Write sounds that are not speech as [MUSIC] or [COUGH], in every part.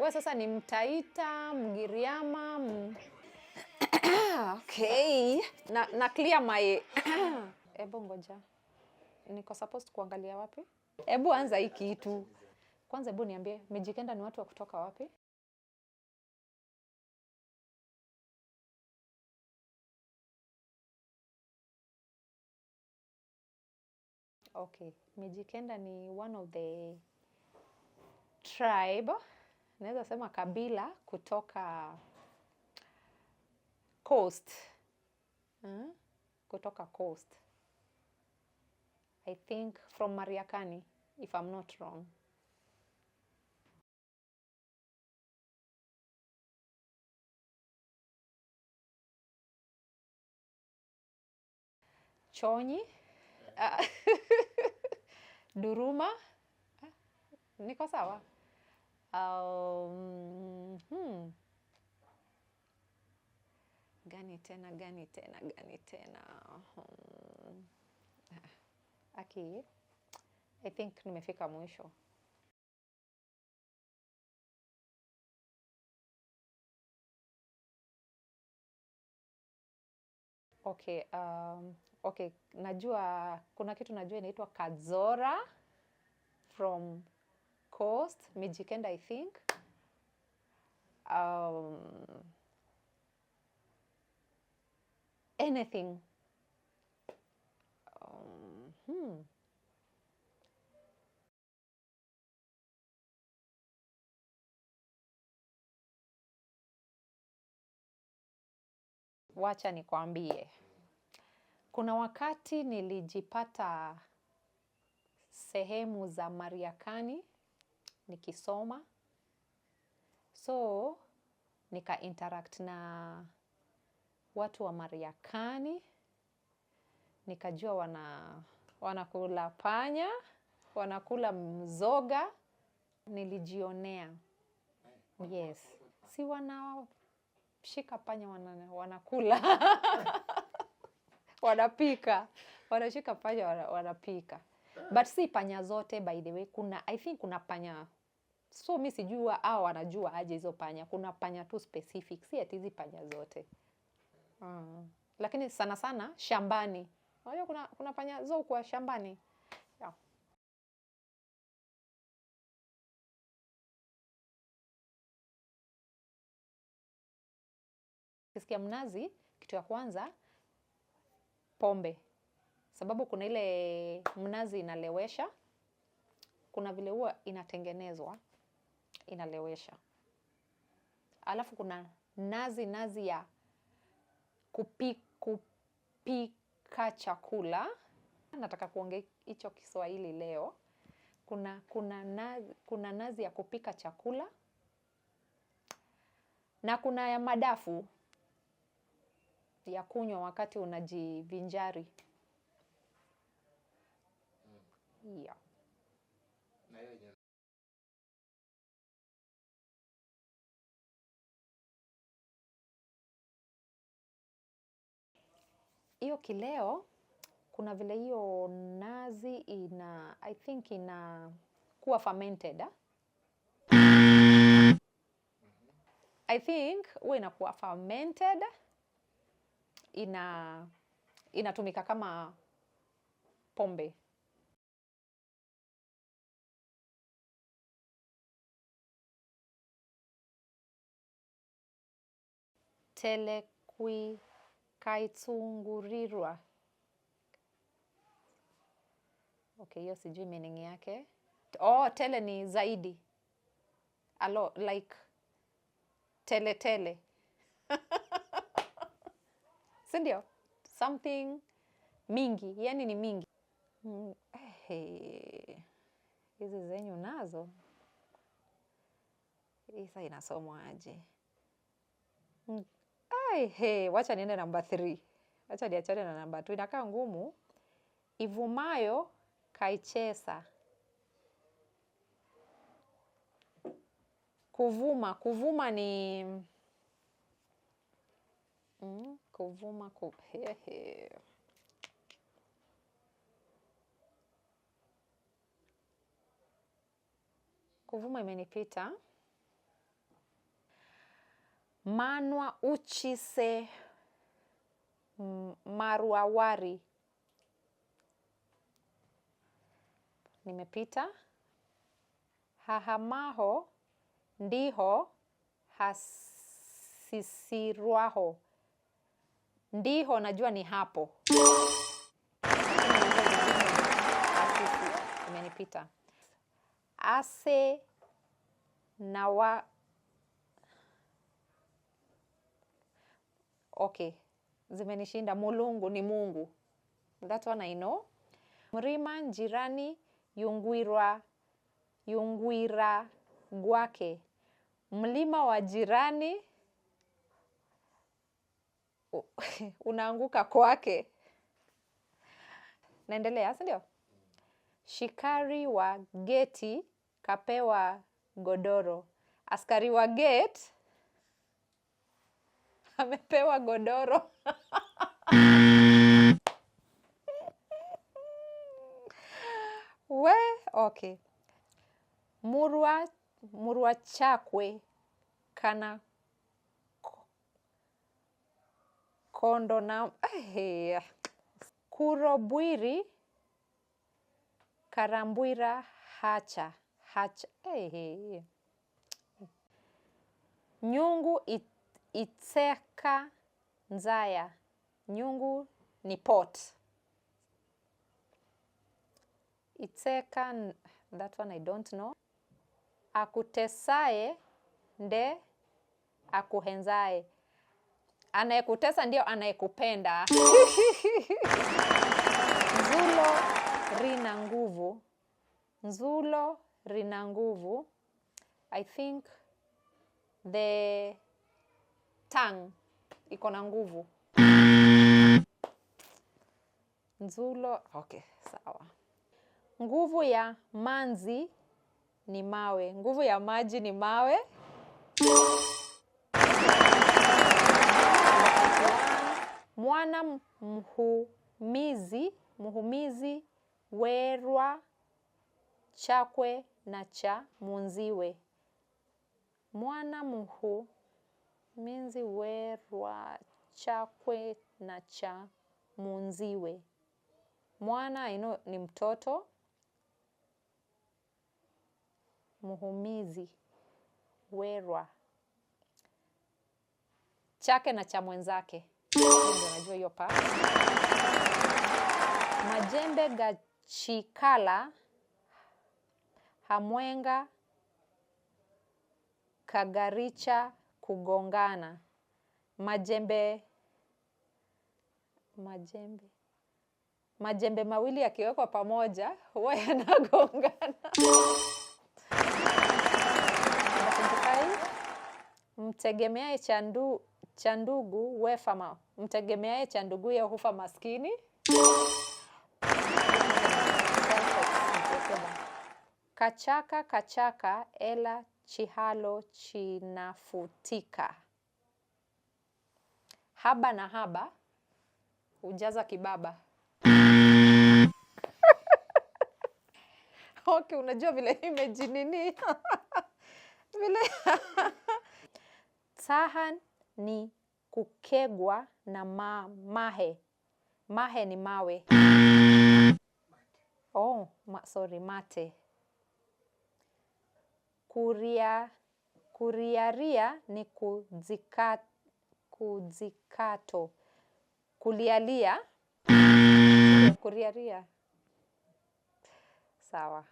wewe sasa ni Mtaita, Mgiriama, m... [COUGHS] okay. na, na clear my [COUGHS] Ebu ngoja niko supposed kuangalia wapi? ebu anza hii kitu kwanza, hebu niambie Mijikenda ni watu wa kutoka wapi? Okay, Mijikenda ni one of the tribe naweza sema Kabila kutoka Coast hmm? kutoka Coast I think from Mariakani if I'm not wrong. Chonyi ah. [LAUGHS] Duruma, ah, niko sawa? Mm, hmm. Gani tena gani tena gani tena hmm. Aki, I think nimefika mwisho. Okay, um, okay, najua kuna kitu najua inaitwa kazora from Coast, Mijikenda I think. Um, anything. Um, hmm. Wacha nikwambie, kuna wakati nilijipata sehemu za Mariakani nikisoma so nika interact na watu wa Mariakani, nikajua wana wanakula panya, wanakula mzoga, nilijionea. Yes, si wanashika panya wanakula [LAUGHS] wanapika, wanashika panya wanapika, but si panya zote by the way. Kuna I think kuna panya so mi sijua au anajua aje hizo panya. Kuna panya tu specific, si ati hizi panya zote mm. Lakini sana sana shambani, unajua kuna, kuna panya zoukwa shambani Kisikia mnazi, kitu ya kwanza pombe, sababu kuna ile mnazi inalewesha, kuna vile huwa inatengenezwa inalewesha. Alafu kuna nazi, nazi ya kupi, kupika chakula. Nataka kuongea hicho Kiswahili leo. Kuna, kuna, nazi, kuna nazi ya kupika chakula na kuna ya madafu ya kunywa wakati unajivinjari. Hmm. Yeah. hiyo kileo kuna vile hiyo nazi ina I think ina kuwa fermented ah? I think huwa inakuwa fermented ina inatumika kama pombe. Telekwi Kaitsungurirwa. Okay, hiyo sijui meaning yake. Oh, tele ni zaidi. Alo, like tele tele. [LAUGHS] Si ndio? Something mingi, yani ni mingi. Mm, eh, hizi zenyu nazo isa inasomwaje? Mm. Ai, he, wacha niende namba 3. Wacha niachane na namba 2. Inakaa ngumu. Ivumayo kaichesa. Kuvuma, kuvuma ni mm, kuvuma ku... he, he. Kuvuma imenipita manwa uchise mm, maruawari. Nimepita hahamaho ndiho hasisirwaho. Ndiho najua ni hapo, imenipita ase nawa okay, zimenishinda. Mulungu ni Mungu, that one I know. Mrima njirani yungwirwa yungwira gwake, mlima wa jirani [LAUGHS] unaanguka kwake. Naendelea, sindio ndio? Shikari wa geti kapewa godoro, askari wa gate amepewa godoro we okay. murwa murwa chakwe kana kondo na kuro bwiri karambwira hacha hacha nyungu it itseka nzaya nyungu ni pot itseka that one I don't know akutesae nde akuhenzae anayekutesa ndio anayekupenda [LAUGHS] nzulo rina nguvu nzulo rina nguvu I think the Tang iko na nguvu. Nzulo, okay, sawa. Nguvu ya manzi ni mawe. Nguvu ya maji ni mawe. Mwana mhumizi, mhumizi werwa chakwe na cha munziwe. Mwana mhu minzi werwa chakwe na cha munziwe. Mwana ino ni mtoto. Muhumizi werwa chake na cha mwenzake. Najua hiyo pa majembe gachikala hamwenga kagaricha kugongana, majembe majembe majembe mawili yakiwekwa pamoja huwa yanagongana. mtegemeaye cha ndugu wefa ma mtegemeaye cha nduguye hufa maskini. Kachaka kachaka ela chihalo chinafutika. Haba na haba hujaza kibaba. [LAUGHS] Okay, unajua vile imeji nini [LAUGHS] vile sahan ni kukegwa na ma mahe. Mahe ni mawe. [LAUGHS] Oh, ma sorry, mate Kuria, kuriaria ni kuzika, kuzikato. Kulialia, kuriaria. Sawa.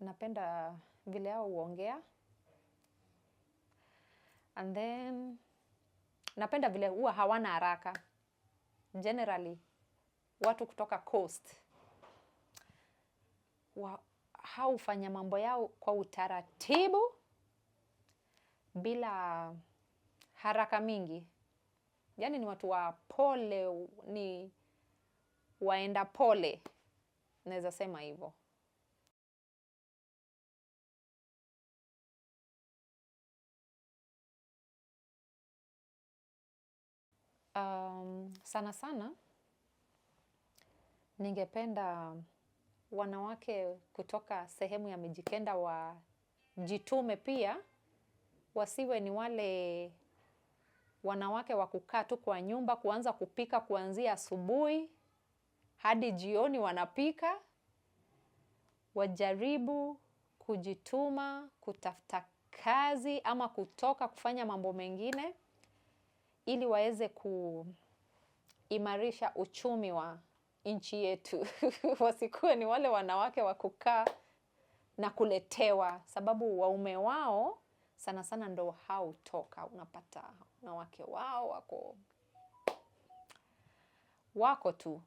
Napenda vile hao huongea and then napenda vile huwa hawana haraka. Generally, watu kutoka coast wa, mambo yao kwa utaratibu bila haraka mingi. Yaani ni watu wa pole, ni waenda pole, naweza sema hivyo. Um, sana sana ningependa wanawake kutoka sehemu ya Mijikenda wajitume pia, wasiwe ni wale wanawake wa kukaa tu kwa nyumba kuanza kupika kuanzia asubuhi hadi jioni wanapika. Wajaribu kujituma kutafuta kazi ama kutoka kufanya mambo mengine ili waweze kuimarisha uchumi wa nchi yetu [LAUGHS] wasikuwe ni wale wanawake wa kukaa na kuletewa, sababu waume wao sana sana ndo hautoka. Unapata wanawake wao wako wako tu